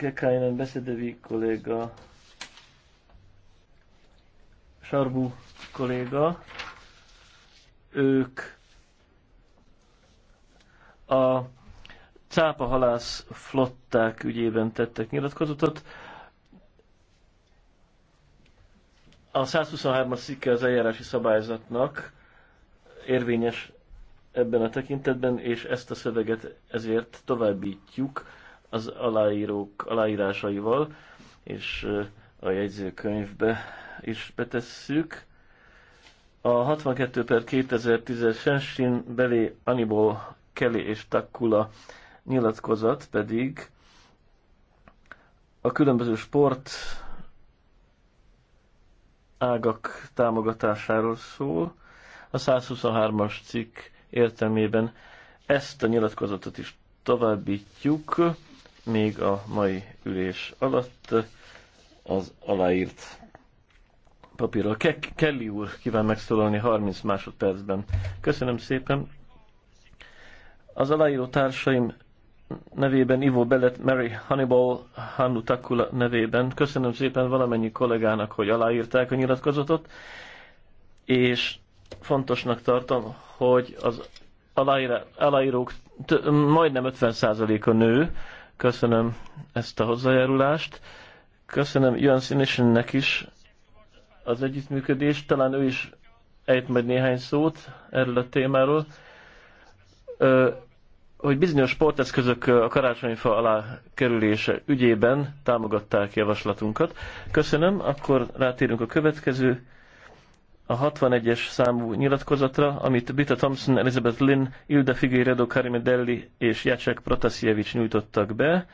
Kekainen beszédevi kolléga, Sarbu kolléga, ők a halász flották ügyében tettek nyilatkozatot. A 123-as szikke az eljárási szabályzatnak érvényes ebben a tekintetben, és ezt a szöveget ezért továbbítjuk az aláírók aláírásaival, és a jegyzőkönyvbe is betesszük. A 62 per 2010-es Shenshin belé Anibó Kelly és Takkula nyilatkozat pedig a különböző sport ágak támogatásáról szól. A 123-as cikk értelmében ezt a nyilatkozatot is továbbítjuk még a mai ülés alatt az aláírt papírral. Ke- Kelly úr kíván megszólalni 30 másodpercben. Köszönöm szépen. Az aláíró társaim nevében, Ivo Bellet, Mary Hannibal, Hannu Takula nevében. Köszönöm szépen valamennyi kollégának, hogy aláírták a nyilatkozatot, és fontosnak tartom, hogy az aláírók majdnem 50%-a nő, Köszönöm ezt a hozzájárulást. Köszönöm Jön Színésennek is az együttműködést. Talán ő is ejt majd néhány szót erről a témáról. Ö, hogy bizonyos sporteszközök a karácsonyfa alá kerülése ügyében támogatták javaslatunkat. Köszönöm, akkor rátérünk a következő a 61-es számú nyilatkozatra, amit Bita Thompson, Elizabeth Lynn, Ilda Figueiredo, Karim Delli és Jacek Protasiewicz nyújtottak be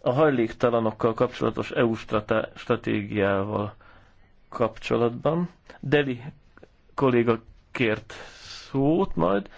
a hajléktalanokkal kapcsolatos EU stratégiával kapcsolatban. Deli kolléga kért szót majd.